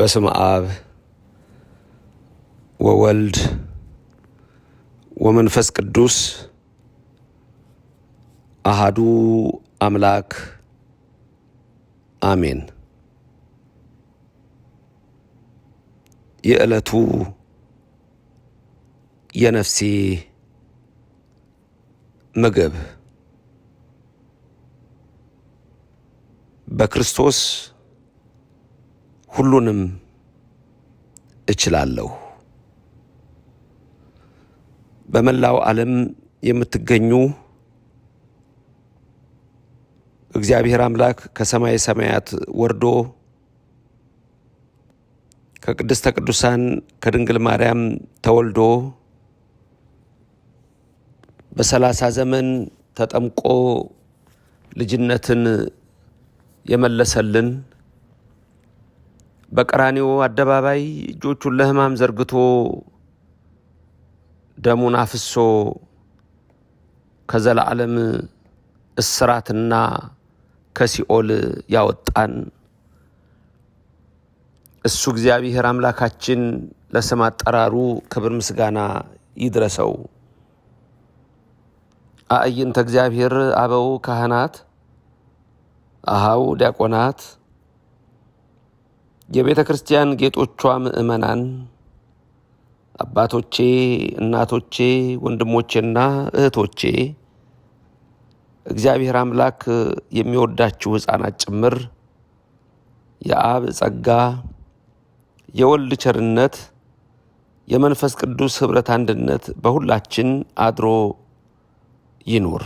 በስም አብ ወወልድ ወመንፈስ ቅዱስ አሃዱ አምላክ አሜን። የዕለቱ የነፍሴ ምግብ በክርስቶስ ሁሉንም እችላለሁ። በመላው ዓለም የምትገኙ እግዚአብሔር አምላክ ከሰማይ ሰማያት ወርዶ ከቅድስተ ቅዱሳን ከድንግል ማርያም ተወልዶ በሰላሳ ዘመን ተጠምቆ ልጅነትን የመለሰልን በቀራኒዎ አደባባይ እጆቹን ለሕማም ዘርግቶ ደሙን አፍሶ ከዘላለም እስራትና ከሲኦል ያወጣን እሱ እግዚአብሔር አምላካችን ለስም አጠራሩ ክብር ምስጋና ይድረሰው። አእይንተ እግዚአብሔር አበው ካህናት አሃው ዲያቆናት የቤተ ክርስቲያን ጌጦቿ ምዕመናን አባቶቼ፣ እናቶቼ፣ ወንድሞቼና እህቶቼ እግዚአብሔር አምላክ የሚወዳችሁ ሕፃናት ጭምር የአብ ጸጋ የወልድ ቸርነት የመንፈስ ቅዱስ ኅብረት አንድነት በሁላችን አድሮ ይኑር።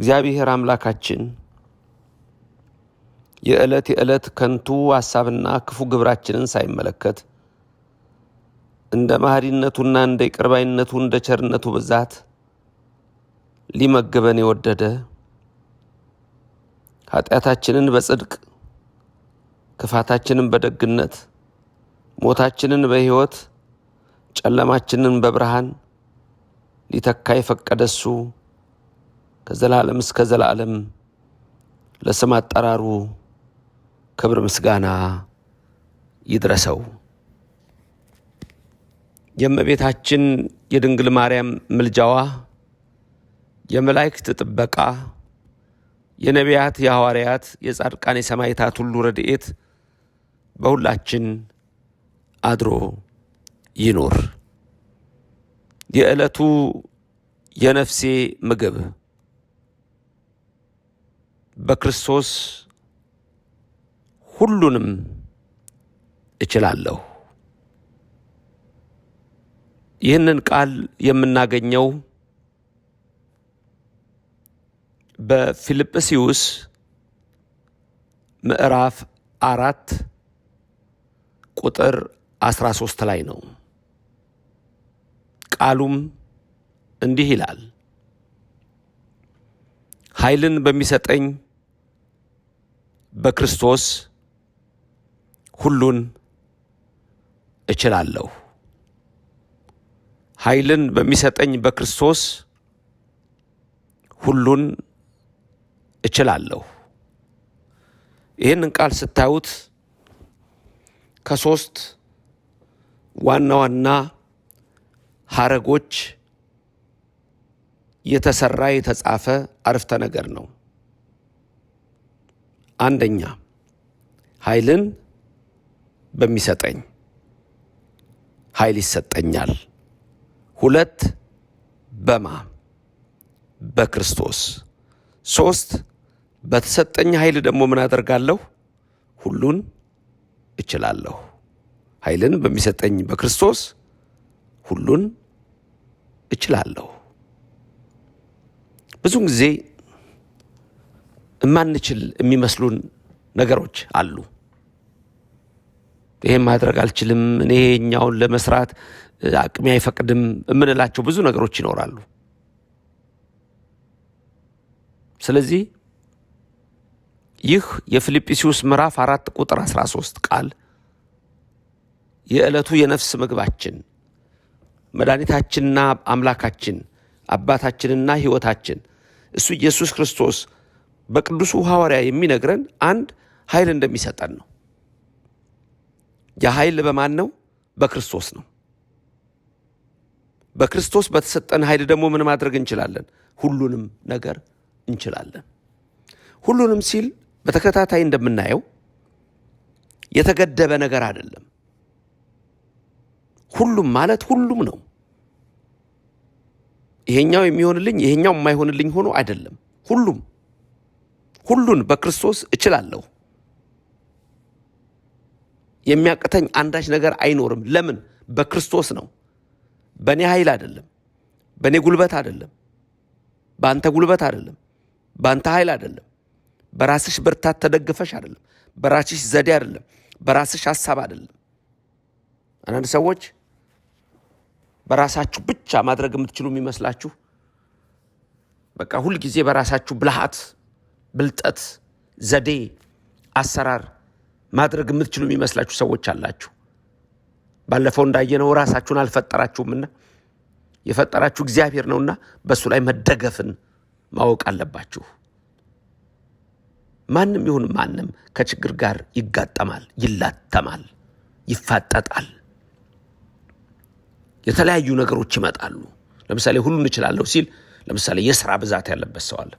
እግዚአብሔር አምላካችን የዕለት የዕለት ከንቱ ሐሳብና ክፉ ግብራችንን ሳይመለከት እንደ መሐሪነቱና እንደ ይቅርባይነቱ እንደ ቸርነቱ ብዛት ሊመግበን የወደደ ኃጢአታችንን በጽድቅ ክፋታችንን በደግነት ሞታችንን በሕይወት ጨለማችንን በብርሃን ሊተካ የፈቀደ እሱ ከዘላለም እስከ ዘላለም ለስም አጠራሩ ክብር ምስጋና ይድረሰው። የእመቤታችን የድንግል ማርያም ምልጃዋ፣ የመላእክት ጥበቃ፣ የነቢያት፣ የሐዋርያት፣ የጻድቃን፣ የሰማዕታት ሁሉ ረድኤት በሁላችን አድሮ ይኑር። የዕለቱ የነፍሴ ምግብ በክርስቶስ ሁሉንም እችላለሁ። ይህንን ቃል የምናገኘው በፊልጵስዩስ ምዕራፍ አራት ቁጥር አስራ ሶስት ላይ ነው። ቃሉም እንዲህ ይላል ኃይልን በሚሰጠኝ በክርስቶስ ሁሉን እችላለሁ። ኃይልን በሚሰጠኝ በክርስቶስ ሁሉን እችላለሁ። ይህንን ቃል ስታዩት ከሶስት ዋና ዋና ሀረጎች የተሰራ የተጻፈ አረፍተ ነገር ነው። አንደኛ ኃይልን በሚሰጠኝ ኃይል ይሰጠኛል። ሁለት በማ በክርስቶስ ሶስት በተሰጠኝ ኃይል ደግሞ ምን አደርጋለሁ? ሁሉን እችላለሁ። ኃይልን በሚሰጠኝ በክርስቶስ ሁሉን እችላለሁ። ብዙን ጊዜ የማንችል የሚመስሉን ነገሮች አሉ። ይሄን ማድረግ አልችልም፣ እኔ እኛውን ለመስራት አቅሜ አይፈቅድም የምንላቸው ብዙ ነገሮች ይኖራሉ። ስለዚህ ይህ የፊልጵስዩስ ምዕራፍ አራት ቁጥር 13 ቃል የዕለቱ የነፍስ ምግባችን መድኃኒታችንና አምላካችን አባታችንና ሕይወታችን እሱ ኢየሱስ ክርስቶስ በቅዱሱ ሐዋርያ የሚነግረን አንድ ኃይል እንደሚሰጠን ነው። የኃይል በማን ነው? በክርስቶስ ነው። በክርስቶስ በተሰጠን ኃይል ደግሞ ምን ማድረግ እንችላለን? ሁሉንም ነገር እንችላለን። ሁሉንም ሲል በተከታታይ እንደምናየው የተገደበ ነገር አይደለም። ሁሉም ማለት ሁሉም ነው። ይሄኛው የሚሆንልኝ ይሄኛው የማይሆንልኝ ሆኖ አይደለም። ሁሉም ሁሉን በክርስቶስ እችላለሁ። የሚያቅተኝ አንዳች ነገር አይኖርም። ለምን? በክርስቶስ ነው። በእኔ ኃይል አይደለም፣ በእኔ ጉልበት አይደለም፣ በአንተ ጉልበት አይደለም፣ በአንተ ኃይል አይደለም፣ በራስሽ ብርታት ተደግፈሽ አይደለም፣ በራስሽ ዘዴ አይደለም፣ በራስሽ ሀሳብ አይደለም። አንዳንድ ሰዎች በራሳችሁ ብቻ ማድረግ የምትችሉ የሚመስላችሁ በቃ ሁልጊዜ በራሳችሁ ብልሃት፣ ብልጠት፣ ዘዴ፣ አሰራር ማድረግ የምትችሉ የሚመስላችሁ ሰዎች አላችሁ። ባለፈው እንዳየነው ራሳችሁን አልፈጠራችሁምና የፈጠራችሁ እግዚአብሔር ነውና በእሱ ላይ መደገፍን ማወቅ አለባችሁ። ማንም ይሁን ማንም ከችግር ጋር ይጋጠማል፣ ይላተማል፣ ይፋጠጣል። የተለያዩ ነገሮች ይመጣሉ። ለምሳሌ ሁሉን እችላለሁ ሲል ለምሳሌ የስራ ብዛት ያለበት ሰው አለ።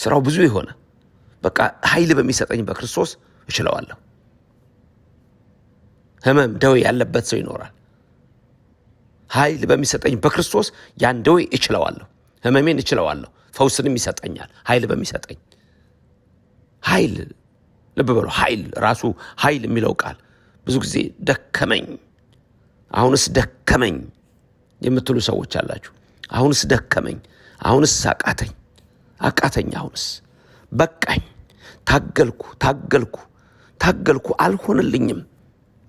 ስራው ብዙ የሆነ በቃ ኃይል በሚሰጠኝ በክርስቶስ እችለዋለሁ። ህመም፣ ደዌ ያለበት ሰው ይኖራል። ኃይል በሚሰጠኝ በክርስቶስ ያን ደዌ እችለዋለሁ። ህመሜን እችለዋለሁ። ፈውስንም ይሰጠኛል። ኃይል በሚሰጠኝ ኃይል ልብ በሉ። ኃይል ራሱ ኃይል የሚለው ቃል ብዙ ጊዜ ደከመኝ፣ አሁንስ ደከመኝ የምትሉ ሰዎች አላችሁ። አሁንስ ደከመኝ፣ አሁንስ አቃተኝ፣ አቃተኝ፣ አሁንስ በቃኝ፣ ታገልኩ፣ ታገልኩ ታገልኩ አልሆንልኝም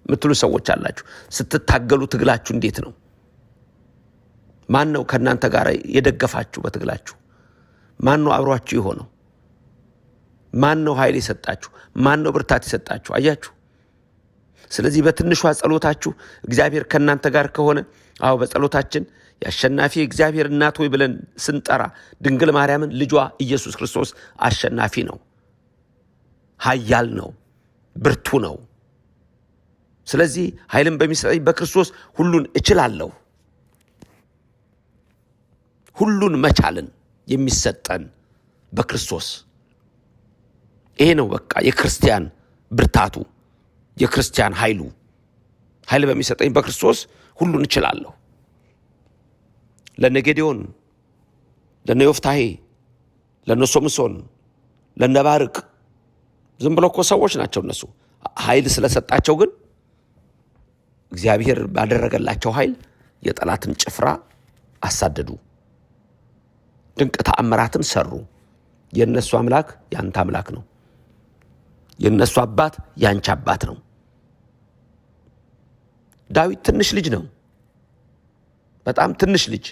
የምትሉ ሰዎች አላችሁ። ስትታገሉ ትግላችሁ እንዴት ነው? ማን ነው ከእናንተ ጋር የደገፋችሁ በትግላችሁ? ማን ነው አብሯችሁ የሆነው? ማን ነው ኃይል የሰጣችሁ? ማን ነው ብርታት የሰጣችሁ? አያችሁ። ስለዚህ በትንሿ ጸሎታችሁ እግዚአብሔር ከእናንተ ጋር ከሆነ አዎ በጸሎታችን የአሸናፊ እግዚአብሔር እናት ሆይ ብለን ስንጠራ ድንግል ማርያምን ልጇ ኢየሱስ ክርስቶስ አሸናፊ ነው፣ ኃያል ነው፣ ብርቱ ነው። ስለዚህ ኃይልን በሚሰጠኝ በክርስቶስ ሁሉን እችላለሁ። ሁሉን መቻልን የሚሰጠን በክርስቶስ ይሄ ነው። በቃ የክርስቲያን ብርታቱ፣ የክርስቲያን ኃይሉ ኃይል በሚሰጠኝ በክርስቶስ ሁሉን እችላለሁ። ለነ ጌዴዎን፣ ለነ ዮፍታሄ፣ ለነ ሶምሶን፣ ለነ ባርቅ ዝም ብሎ እኮ ሰዎች ናቸው እነሱ። ኃይል ስለሰጣቸው ግን እግዚአብሔር ባደረገላቸው ኃይል የጠላትን ጭፍራ አሳደዱ፣ ድንቅ ተአምራትን ሰሩ። የእነሱ አምላክ ያንተ አምላክ ነው። የእነሱ አባት ያንቺ አባት ነው። ዳዊት ትንሽ ልጅ ነው፣ በጣም ትንሽ ልጅ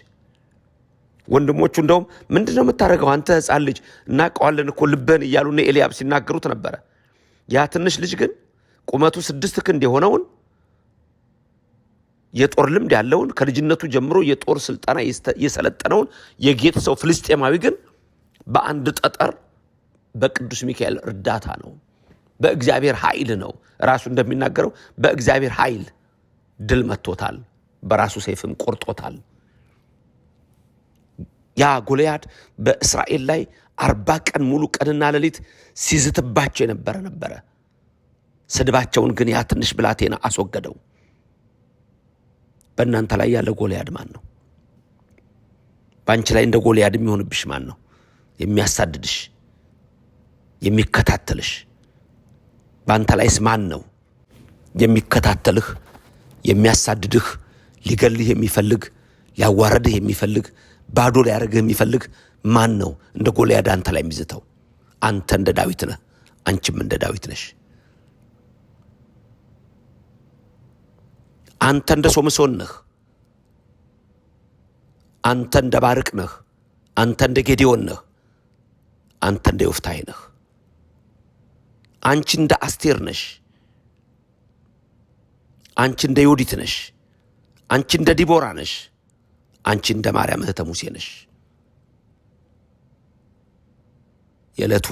ወንድሞቹ እንደውም ምንድን ነው የምታደርገው አንተ ህፃን ልጅ እናቀዋለን እኮ ልበን እያሉ ኤልያብ ሲናገሩት ነበረ። ያ ትንሽ ልጅ ግን ቁመቱ ስድስት ክንድ የሆነውን የጦር ልምድ ያለውን ከልጅነቱ ጀምሮ የጦር ስልጠና የሰለጠነውን የጌት ሰው ፍልስጤማዊ ግን በአንድ ጠጠር በቅዱስ ሚካኤል እርዳታ ነው፣ በእግዚአብሔር ኃይል ነው። ራሱ እንደሚናገረው በእግዚአብሔር ኃይል ድል መጥቶታል፣ በራሱ ሰይፍም ቆርጦታል። ያ ጎልያድ በእስራኤል ላይ አርባ ቀን ሙሉ ቀንና ሌሊት ሲዝትባቸው የነበረ ነበረ። ስድባቸውን ግን ያ ትንሽ ብላቴና አስወገደው። በእናንተ ላይ ያለ ጎልያድ ማን ነው? በአንቺ ላይ እንደ ጎልያድ የሚሆንብሽ ማን ነው? የሚያሳድድሽ፣ የሚከታተልሽ በአንተ ላይስ ማን ነው? የሚከታተልህ፣ የሚያሳድድህ፣ ሊገልህ የሚፈልግ ሊያዋረድህ የሚፈልግ ባዶ ሊያደርግህ የሚፈልግ ማን ነው? እንደ ጎልያድ አንተ ላይ የሚዝተው። አንተ እንደ ዳዊት ነህ፣ አንቺም እንደ ዳዊት ነሽ። አንተ እንደ ሶምሶን ነህ። አንተ እንደ ባርቅ ነህ። አንተ እንደ ጌዲዮን ነህ። አንተ እንደ ዮፍታሔ ነህ። አንቺ እንደ አስቴር ነሽ። አንቺ እንደ ዮዲት ነሽ። አንቺ እንደ ዲቦራ ነሽ። አንቺ እንደ ማርያም እህተ ሙሴ ነሽ። የዕለቱ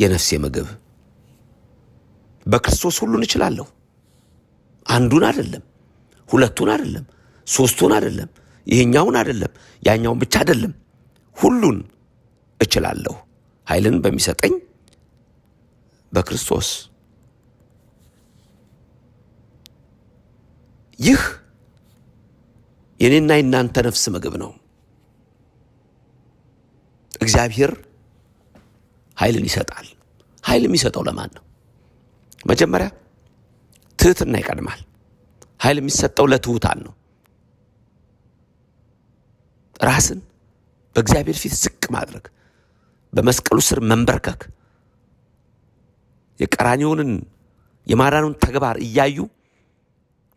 የነፍሴ ምግብ በክርስቶስ ሁሉን እችላለሁ። አንዱን አይደለም፣ ሁለቱን አይደለም፣ ሶስቱን አይደለም፣ ይህኛውን አይደለም፣ ያኛውን ብቻ አይደለም፣ ሁሉን እችላለሁ ኃይልን በሚሰጠኝ በክርስቶስ ይህ የኔና የናንተ ነፍስ ምግብ ነው። እግዚአብሔር ኃይልን ይሰጣል። ኃይል የሚሰጠው ለማን ነው? መጀመሪያ ትህትና ይቀድማል። ኃይል የሚሰጠው ለትሑታን ነው። ራስን በእግዚአብሔር ፊት ዝቅ ማድረግ፣ በመስቀሉ ስር መንበርከክ፣ የቀራኒውንን የማዳኑን ተግባር እያዩ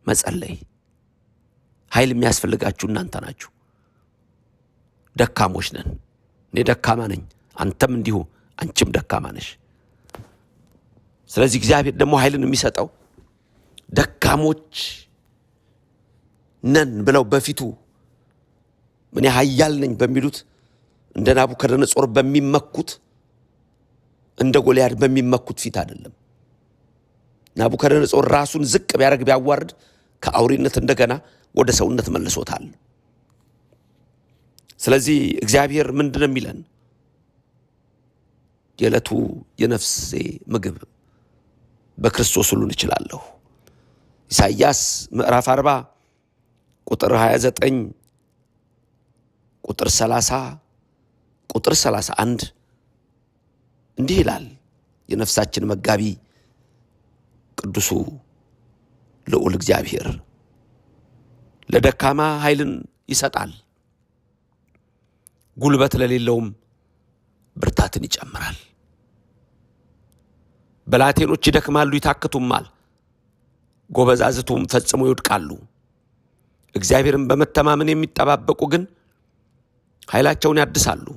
መጸለይ ኃይል የሚያስፈልጋችሁ እናንተ ናችሁ። ደካሞች ነን። እኔ ደካማ ነኝ፣ አንተም እንዲሁ፣ አንቺም ደካማ ነሽ። ስለዚህ እግዚአብሔር ደግሞ ኃይልን የሚሰጠው ደካሞች ነን ብለው በፊቱ እኔ ኃያል ነኝ በሚሉት እንደ ናቡከደነጾር በሚመኩት እንደ ጎልያድ በሚመኩት ፊት አይደለም። ናቡከደነጾር ራሱን ዝቅ ቢያደርግ ቢያዋርድ ከአውሪነት እንደገና ወደ ሰውነት መልሶታል። ስለዚህ እግዚአብሔር ምንድን ነው የሚለን? የዕለቱ የነፍሴ ምግብ በክርስቶስ ሁሉን እችላለሁ። ኢሳይያስ ምዕራፍ 40 ቁጥር 29 ቁጥር 30 ቁጥር 31 እንዲህ ይላል። የነፍሳችን መጋቢ ቅዱሱ ልዑል እግዚአብሔር ለደካማ ኃይልን ይሰጣል፣ ጉልበት ለሌለውም ብርታትን ይጨምራል። ብላቴኖች ይደክማሉ ይታክቱማል፣ ጎበዛዝቱም ፈጽሞ ይወድቃሉ። እግዚአብሔርን በመተማመን የሚጠባበቁ ግን ኃይላቸውን ያድሳሉ፣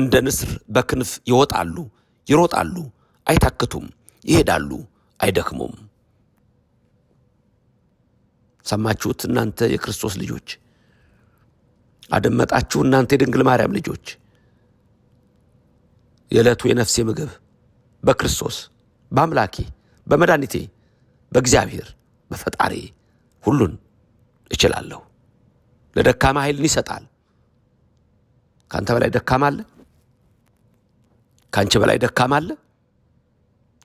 እንደ ንስር በክንፍ ይወጣሉ፣ ይሮጣሉ፣ አይታክቱም፣ ይሄዳሉ፣ አይደክሙም። ሰማችሁት እናንተ የክርስቶስ ልጆች፣ አደመጣችሁ እናንተ የድንግል ማርያም ልጆች። የዕለቱ የነፍሴ ምግብ በክርስቶስ በአምላኬ በመድኃኒቴ በእግዚአብሔር በፈጣሪ ሁሉን እችላለሁ። ለደካማ ኃይልን ይሰጣል። ከአንተ በላይ ደካማ አለ? ከአንቺ በላይ ደካማ አለ?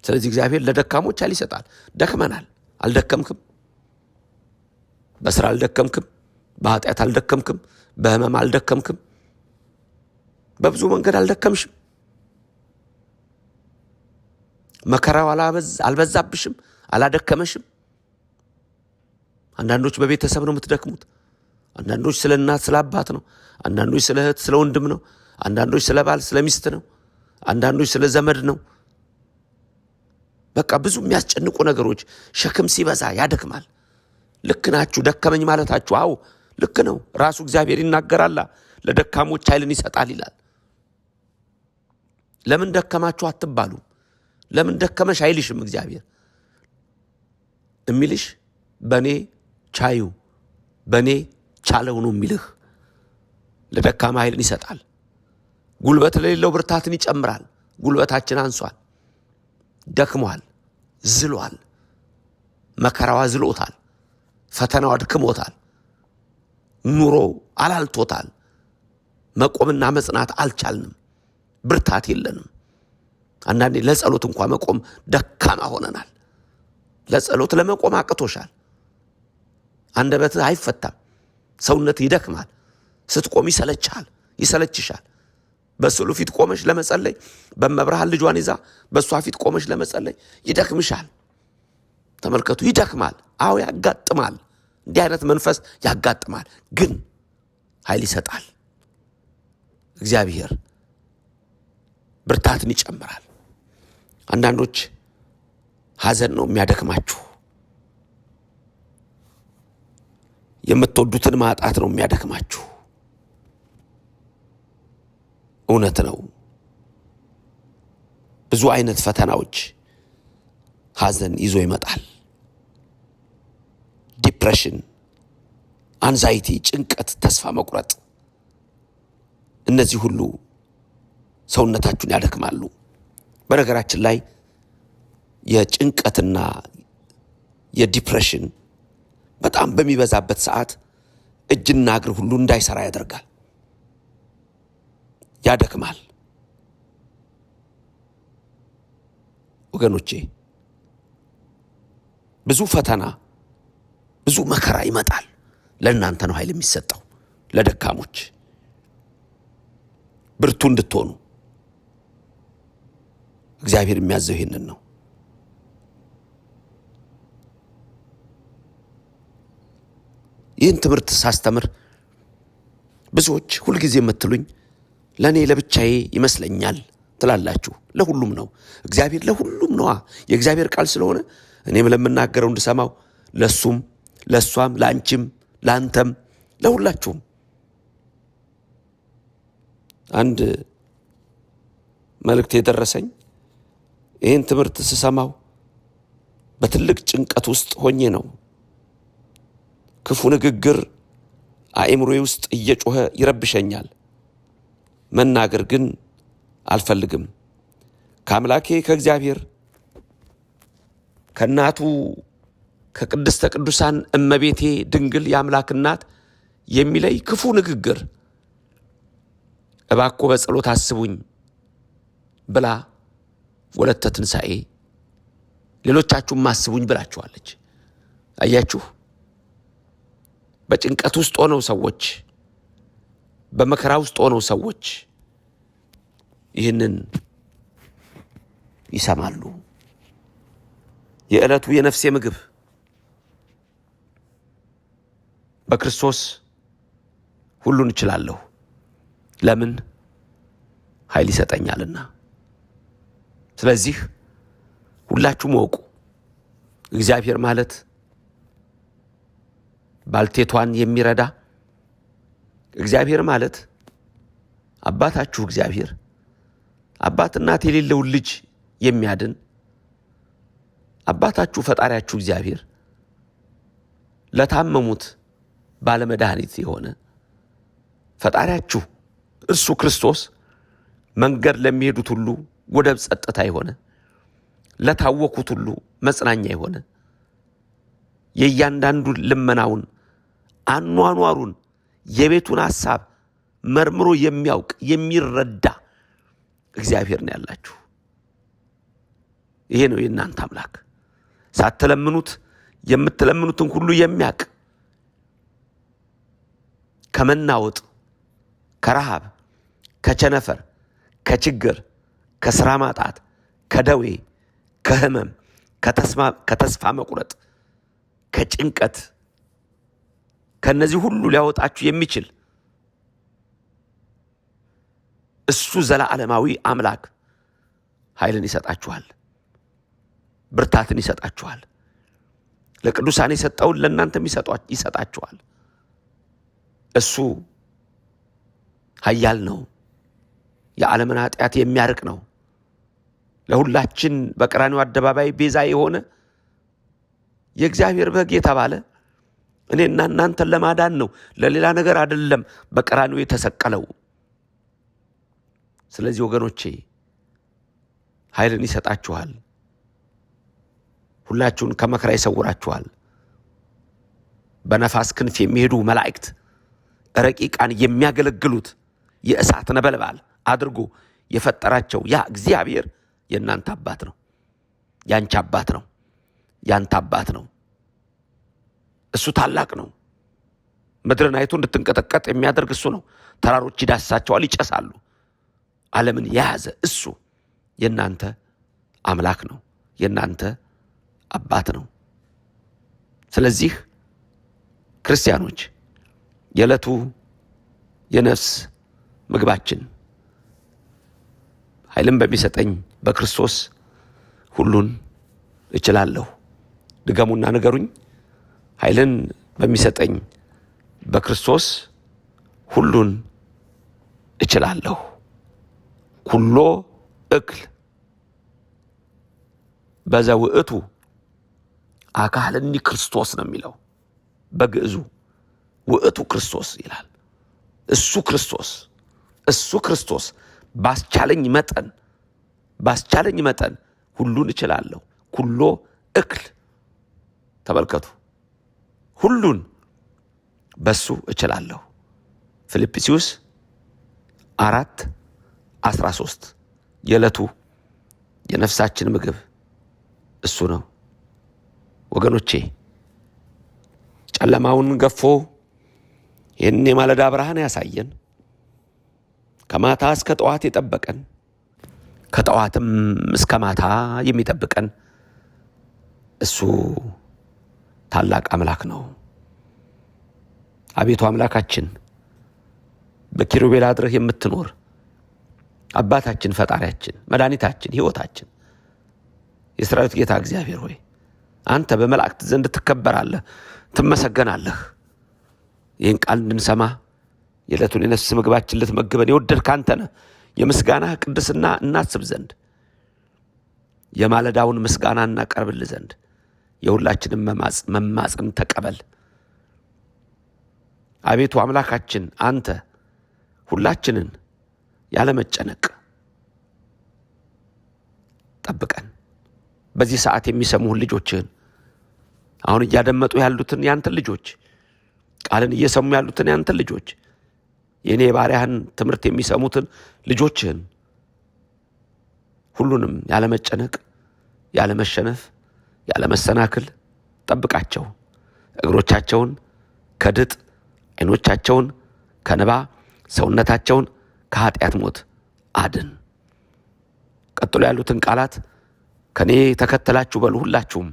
ስለዚህ እግዚአብሔር ለደካሞች ኃይል ይሰጣል። ደክመናል። አልደከምክም? በስራ አልደከምክም፣ በኃጢአት አልደከምክም፣ በህመም አልደከምክም፣ በብዙ መንገድ አልደከምሽም፣ መከራው አልበዛብሽም፣ አላደከመሽም። አንዳንዶች በቤተሰብ ነው የምትደክሙት። አንዳንዶች ስለ እናት ስለ አባት ነው። አንዳንዶች ስለ እህት ስለ ወንድም ነው። አንዳንዶች ስለ ባል ስለ ሚስት ነው። አንዳንዶች ስለ ዘመድ ነው። በቃ ብዙ የሚያስጨንቁ ነገሮች ሸክም ሲበዛ ያደክማል። ልክ ናችሁ። ደከመኝ ማለታችሁ አዎ ልክ ነው። ራሱ እግዚአብሔር ይናገራላ ለደካሞች ኃይልን ይሰጣል ይላል። ለምን ደከማችሁ አትባሉም። ለምን ደከመሽ አይልሽም። እግዚአብሔር የሚልሽ በእኔ ቻዩ በእኔ ቻለው ነው የሚልህ። ለደካማ ኃይልን ይሰጣል። ጉልበት ለሌለው ብርታትን ይጨምራል። ጉልበታችን አንሷል፣ ደክሟል፣ ዝሏል። መከራዋ ዝሎታል። ፈተናው አድክሞታል። ኑሮው አላልቶታል። መቆምና መጽናት አልቻልንም። ብርታት የለንም። አንዳንዴ ለጸሎት እንኳ መቆም ደካማ ሆነናል። ለጸሎት ለመቆም አቅቶሻል። አንደበትህ አይፈታም። ሰውነት ይደክማል። ስትቆም ይሰለችሃል፣ ይሰለችሻል። በስዕሉ ፊት ቆመሽ ለመጸለይ በመብርሃን ልጇን ይዛ በእሷ ፊት ቆመሽ ለመጸለይ ይደክምሻል። ተመልከቱ፣ ይደክማል። አዎ ያጋጥማል። እንዲህ አይነት መንፈስ ያጋጥማል፣ ግን ኃይል ይሰጣል። እግዚአብሔር ብርታትን ይጨምራል። አንዳንዶች ሐዘን ነው የሚያደክማችሁ። የምትወዱትን ማጣት ነው የሚያደክማችሁ። እውነት ነው። ብዙ አይነት ፈተናዎች ሐዘን ይዞ ይመጣል። ዲፕሬሽን፣ አንዛይቲ፣ ጭንቀት፣ ተስፋ መቁረጥ፣ እነዚህ ሁሉ ሰውነታችሁን ያደክማሉ። በነገራችን ላይ የጭንቀትና የዲፕሬሽን በጣም በሚበዛበት ሰዓት እጅና እግር ሁሉ እንዳይሰራ ያደርጋል፣ ያደክማል። ወገኖቼ ብዙ ፈተና፣ ብዙ መከራ ይመጣል። ለእናንተ ነው ኃይል የሚሰጠው፣ ለደካሞች ብርቱ እንድትሆኑ እግዚአብሔር የሚያዘው ይህንን ነው። ይህን ትምህርት ሳስተምር ብዙዎች ሁልጊዜ የምትሉኝ ለእኔ ለብቻዬ ይመስለኛል ትላላችሁ። ለሁሉም ነው። እግዚአብሔር ለሁሉም ነዋ። የእግዚአብሔር ቃል ስለሆነ እኔም ለምናገረው እንድሰማው ለሱም ለእሷም ለአንቺም ለአንተም ለሁላችሁም። አንድ መልእክት የደረሰኝ ይህን ትምህርት ስሰማው በትልቅ ጭንቀት ውስጥ ሆኜ ነው። ክፉ ንግግር አእምሮዬ ውስጥ እየጮኸ ይረብሸኛል። መናገር ግን አልፈልግም። ከአምላኬ ከእግዚአብሔር ከእናቱ ከቅድስተ ቅዱሳን እመቤቴ ድንግል የአምላክ እናት የሚለይ ክፉ ንግግር እባኮ በጸሎት አስቡኝ ብላ ወለተ ትንሣኤ ሌሎቻችሁም አስቡኝ ብላችኋለች። አያችሁ፣ በጭንቀት ውስጥ ሆነው ሰዎች፣ በመከራ ውስጥ ሆነው ሰዎች ይህንን ይሰማሉ። የዕለቱ የነፍሴ ምግብ በክርስቶስ ሁሉን እችላለሁ። ለምን ኃይል ይሰጠኛልና። ስለዚህ ሁላችሁም ወቁ፣ እግዚአብሔር ማለት ባልቴቷን የሚረዳ እግዚአብሔር ማለት አባታችሁ እግዚአብሔር አባት እናት የሌለውን ልጅ የሚያድን አባታችሁ ፈጣሪያችሁ እግዚአብሔር ለታመሙት ባለመድኃኒት የሆነ ፈጣሪያችሁ እርሱ ክርስቶስ መንገድ ለሚሄዱት ሁሉ ወደብ ጸጥታ የሆነ ለታወኩት ሁሉ መጽናኛ የሆነ የእያንዳንዱ ልመናውን አኗኗሩን የቤቱን ሐሳብ መርምሮ የሚያውቅ የሚረዳ እግዚአብሔር ነው ያላችሁ። ይሄ ነው የእናንተ አምላክ። ሳትለምኑት የምትለምኑትን ሁሉ የሚያቅ ከመናወጥ፣ ከረሃብ፣ ከቸነፈር፣ ከችግር፣ ከስራ ማጣት፣ ከደዌ፣ ከህመም፣ ከተስፋ መቁረጥ፣ ከጭንቀት ከእነዚህ ሁሉ ሊያወጣችሁ የሚችል እሱ ዘላለማዊ አምላክ ኃይልን ይሰጣችኋል። ብርታትን ይሰጣችኋል። ለቅዱሳን የሰጠውን ለእናንተም ይሰጣችኋል። እሱ ኃያል ነው። የዓለምን ኃጢአት የሚያርቅ ነው። ለሁላችን በቀራኒው አደባባይ ቤዛ የሆነ የእግዚአብሔር በግ የተባለ እኔና እናንተን ለማዳን ነው፣ ለሌላ ነገር አይደለም በቀራኒው የተሰቀለው። ስለዚህ ወገኖቼ ኃይልን ይሰጣችኋል። ሁላችሁን ከመከራ ይሰውራችኋል። በነፋስ ክንፍ የሚሄዱ መላእክት ረቂቃን የሚያገለግሉት የእሳት ነበልባል አድርጎ የፈጠራቸው ያ እግዚአብሔር የእናንተ አባት ነው። ያንቺ አባት ነው። ያንተ አባት ነው። እሱ ታላቅ ነው። ምድርን አይቶ እንድትንቀጠቀጥ የሚያደርግ እሱ ነው። ተራሮች ይዳሳቸዋል፣ ይጨሳሉ። ዓለምን የያዘ እሱ የእናንተ አምላክ ነው። የእናንተ አባት ነው። ስለዚህ ክርስቲያኖች የዕለቱ የነፍስ ምግባችን ኃይልን በሚሰጠኝ በክርስቶስ ሁሉን እችላለሁ። ድገሙና ንገሩኝ። ኃይልን በሚሰጠኝ በክርስቶስ ሁሉን እችላለሁ። ኩሎ እክል በዘውእቱ አካልኒ ክርስቶስ ነው የሚለው በግዕዙ ውእቱ ክርስቶስ ይላል። እሱ ክርስቶስ እሱ ክርስቶስ ባስቻለኝ መጠን ባስቻለኝ መጠን ሁሉን እችላለሁ። ኩሎ እክል ተመልከቱ፣ ሁሉን በሱ እችላለሁ። ፊልጵስዩስ አራት አስራ ሶስት የዕለቱ የነፍሳችን ምግብ እሱ ነው። ወገኖቼ ጨለማውን ገፎ ይህን የማለዳ ብርሃን ያሳየን ከማታ እስከ ጠዋት የጠበቀን ከጠዋትም እስከ ማታ የሚጠብቀን እሱ ታላቅ አምላክ ነው። አቤቱ አምላካችን በኪሩቤል አድረህ የምትኖር አባታችን፣ ፈጣሪያችን፣ መድኃኒታችን፣ ሕይወታችን የሰራዊት ጌታ እግዚአብሔር ሆይ አንተ በመላእክት ዘንድ ትከበራለህ፣ ትመሰገናለህ። ይህን ቃል እንድንሰማ የዕለቱን የነፍስ ምግባችን ልትመግበን የወደድክ አንተ ነህ። የምስጋና ቅድስና እናስብ ዘንድ የማለዳውን ምስጋና እናቀርብል ዘንድ የሁላችንም መማጽን ተቀበል። አቤቱ አምላካችን አንተ ሁላችንን ያለመጨነቅ ጠብቀን በዚህ ሰዓት የሚሰሙህን ልጆችህን አሁን እያደመጡ ያሉትን ያንተን ልጆች ቃልን እየሰሙ ያሉትን ያንተን ልጆች የእኔ የባሪያህን ትምህርት የሚሰሙትን ልጆችህን ሁሉንም ያለመጨነቅ፣ ያለመሸነፍ፣ ያለመሰናክል ጠብቃቸው። እግሮቻቸውን ከድጥ፣ ዓይኖቻቸውን ከንባ፣ ሰውነታቸውን ከኃጢአት ሞት አድን። ቀጥሎ ያሉትን ቃላት ከኔ ተከተላችሁ በሉ ሁላችሁም።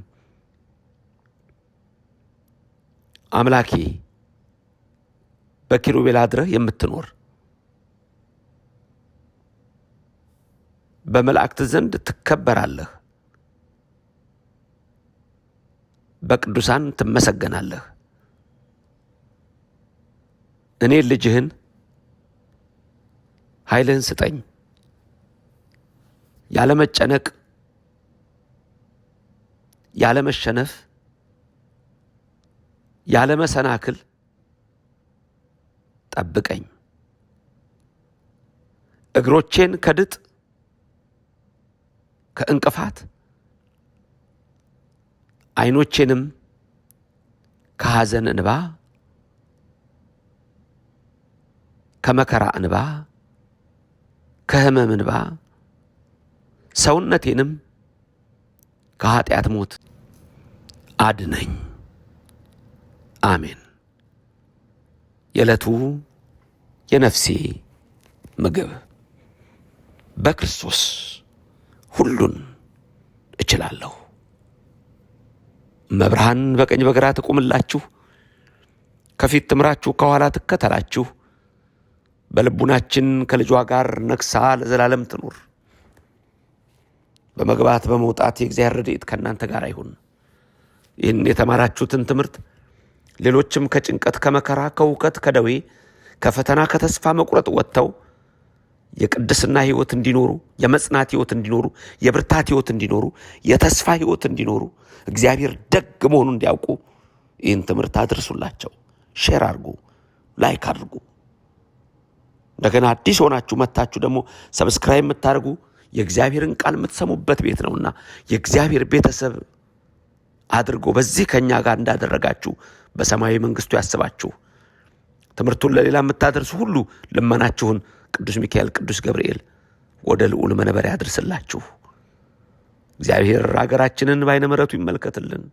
አምላኬ በኪሩቤል አድረህ የምትኖር በመላእክት ዘንድ ትከበራለህ፣ በቅዱሳን ትመሰገናለህ። እኔ ልጅህን ኃይልህን ስጠኝ ያለመጨነቅ ያለመሸነፍ፣ ያለመሰናክል ጠብቀኝ። እግሮቼን ከድጥ ከእንቅፋት ዓይኖቼንም ከሐዘን እንባ ከመከራ እንባ ከሕመም እንባ ሰውነቴንም ከኃጢአት ሞት አድነኝ። አሜን። የዕለቱ የነፍሴ ምግብ በክርስቶስ ሁሉን እችላለሁ። መብርሃን በቀኝ በግራ ትቁምላችሁ፣ ከፊት ትምራችሁ፣ ከኋላ ትከተላችሁ። በልቡናችን ከልጇ ጋር ነግሳ ለዘላለም ትኑር። በመግባት በመውጣት የእግዚአብሔር ረድኤት ከእናንተ ጋር አይሁን። ይህን የተማራችሁትን ትምህርት ሌሎችም ከጭንቀት፣ ከመከራ፣ ከውከት፣ ከደዌ፣ ከፈተና፣ ከተስፋ መቁረጥ ወጥተው የቅድስና ሕይወት እንዲኖሩ፣ የመጽናት ሕይወት እንዲኖሩ፣ የብርታት ሕይወት እንዲኖሩ፣ የተስፋ ሕይወት እንዲኖሩ፣ እግዚአብሔር ደግ መሆኑን እንዲያውቁ ይህን ትምህርት አድርሱላቸው። ሼር አድርጉ፣ ላይክ አድርጉ። እንደገና አዲስ ሆናችሁ መታችሁ ደግሞ ሰብስክራይብ የምታደርጉ የእግዚአብሔርን ቃል የምትሰሙበት ቤት ነውና የእግዚአብሔር ቤተሰብ አድርጎ በዚህ ከእኛ ጋር እንዳደረጋችሁ በሰማያዊ መንግስቱ ያስባችሁ። ትምህርቱን ለሌላ የምታደርሱ ሁሉ ልመናችሁን ቅዱስ ሚካኤል፣ ቅዱስ ገብርኤል ወደ ልዑል መንበር ያድርስላችሁ። እግዚአብሔር አገራችንን በአይነ ምረቱ ይመልከትልን፣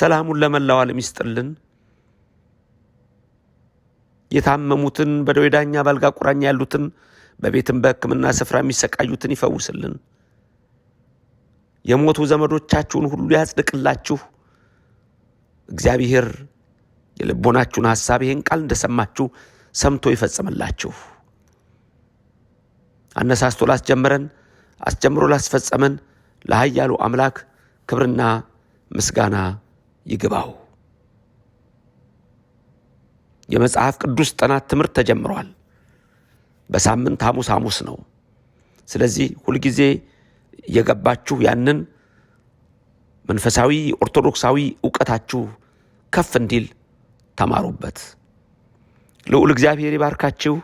ሰላሙን ለመላው ዓለም ይስጥልን። የታመሙትን በደዌ ዳኛ በአልጋ ቁራኛ ያሉትን በቤትም በሕክምና ስፍራ የሚሰቃዩትን ይፈውስልን። የሞቱ ዘመዶቻችሁን ሁሉ ያጽድቅላችሁ። እግዚአብሔር የልቦናችሁን ሐሳብ ይህን ቃል እንደሰማችሁ ሰምቶ ይፈጽምላችሁ። አነሳስቶ ላስጀመረን አስጀምሮ ላስፈጸመን ለኃያሉ አምላክ ክብርና ምስጋና ይግባው። የመጽሐፍ ቅዱስ ጥናት ትምህርት ተጀምሯል። በሳምንት ሐሙስ ሐሙስ ነው። ስለዚህ ሁልጊዜ እየገባችሁ ያንን መንፈሳዊ ኦርቶዶክሳዊ እውቀታችሁ ከፍ እንዲል ተማሩበት። ልዑል እግዚአብሔር ይባርካችሁ፣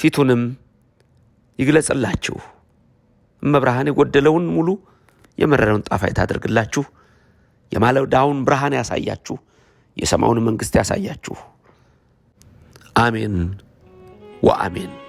ፊቱንም ይግለጽላችሁ። እመብርሃን የጎደለውን ሙሉ፣ የመረረውን ጣፋጭ ታደርግላችሁ። የማለዳውን ብርሃን ያሳያችሁ፣ የሰማዩን መንግሥት ያሳያችሁ። አሜን ወአሜን።